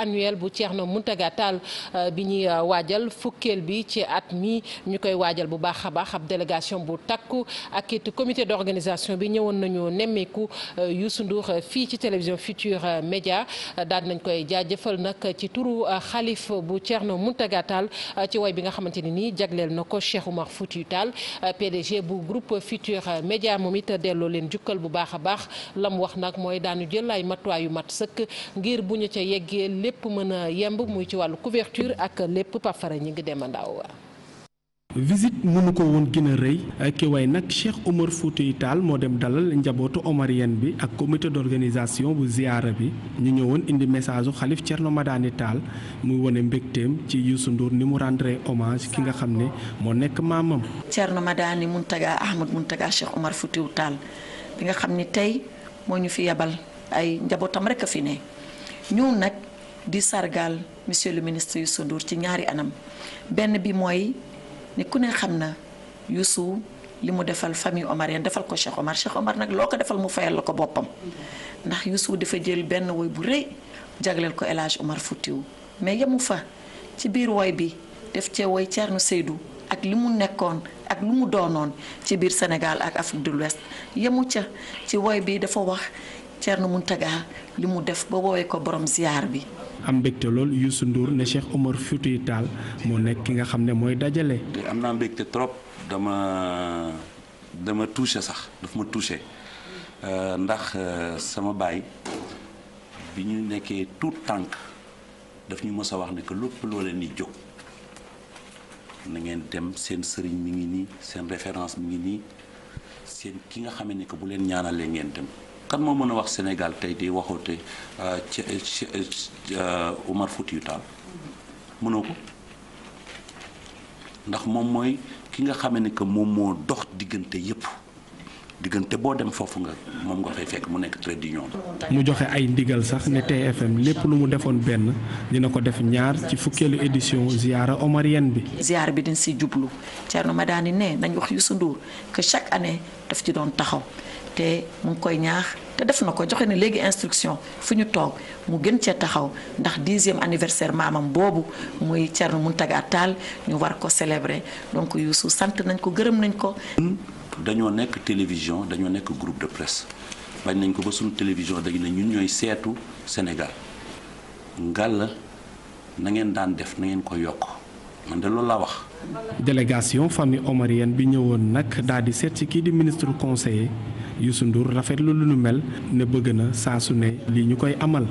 annuel bu Thierno Mountaga Tall euh, bi ñuy euh, waajal fukkeel bi ci at mi ñu koy waajal bu baax a baax ab délégation bu takku ak it comité d'organisation bi ñëwoon nañu nemmeeku euh, Youssou Ndour fii ci télévision Futurs Médias daal nañ koy jaajëfal nag ci turu xalif bu Thierno Mountaga Tall ci way bi nga xamante ne nii jagleel na ko Cheikh Oumar Foutiyou Tall PDG bu groupe Futurs Médias moom it delloo leen jukkal bu baax a baax lam wax nag mooy daanu jël ay matuwaay yu mat sëkk lépp mën a yemb muy ci wàllu couverture ak lépp pafara ñi ngi demandaaw visite mënu ko woon gën a rëy ki waaye nag Cheikh Omar Foutiyou Tall moo dem dalal njabootu omarienne bi ak comité d'organisation bu ziyaara bi ñu ñëwoon indi message u xalif Thierno Madani Tall muy wone mbégteem ci Youssou Ndour ni mu rendre ki nga xam ne moo nekk maamam Thierno Madani Mountaga Ahmad Mountaga Cheikh Omar Foutiyou Tall bi nga xam ni tey moo ñu fi yabal ay njabootam rek a fi ne ñun nag di sargal monsieur le ministre yu Ndour ci ñaari anam benn bi mooy ni ku ne xam na Youssou li mu defal famille Omarienne defal ko Cheikh Omar Cheikh Omar nag loo ko defal mu fayal la ko boppam ndax Youssou dafa jël benn woy bu rëy jagleel ko El Hadj Omar Foutiou mais yemu fa ci biir woy bi def cee woy Thierno Seydou ak li mu nekkoon ak lu mu doonoon ci biir Sénégal ak Afrique de l'Ouest yemu ca ci woy bi dafa wax mun Mountaga li mu def ba woowee ko borom ziar bi am mbégte lool Youssou Ndour ne Cheikh Omar Foutiyou Tall moo nekk ki nga xam ne mooy dajale. am naa mbégte trop dama dama touché sax daf ma touché euh, ndax euh, sama baay bi ñu nekkee tout tànk daf ñu mës a wax ne que lépp loo leen di jóg na ngeen dem seen sëriñ mi ngi nii seen référence mi ngi nii seen ki nga xam ne que bu leen ñaanalee ngeen dem. kan moo mën a wax Sénégal tey di waxute euh, ci Umar euh, Foutiyu Taal mënoo ko ndax moom mooy ki nga xamee ni que moom moo dox diggante yépp diggante boo dem foofu nga moom nga fay fekk mu nekk trait d'union mu joxe ay ndigal sax ne TFM lépp lu mu defoon benn dina ko def ñaar ci fukkeelu édition ziara omarienne bi. ziara bi dañ si jublu Thierno Madani ne nee wax Youssou Ndour que chaque année daf ci doon taxaw. te mu ngi koy ñaax te def na ko joxe ne léegi instruction fu ñu toog mu gën cee taxaw ndax dixième anniversaire maamam boobu muy Thierno Mountaga Tall ñu war ko célébrer donc Youssou sant nañ ko gërëm nañ ko. dañoo nekk télévision dañoo nekk groupe de presse bañ nañ ko ba suñu télévision dañu ne ñu ñooy seetu Sénégal ngàll na ngeen daan def na ngeen ko yokk man de loolu laa wax. délégation famille omarienne bi ñëwoon nag daal di seet ci kii di ministre conseiller. Youssou Ndour rafetlu lu nu mel ne bëgg na saa su ne lii ñu koy amal.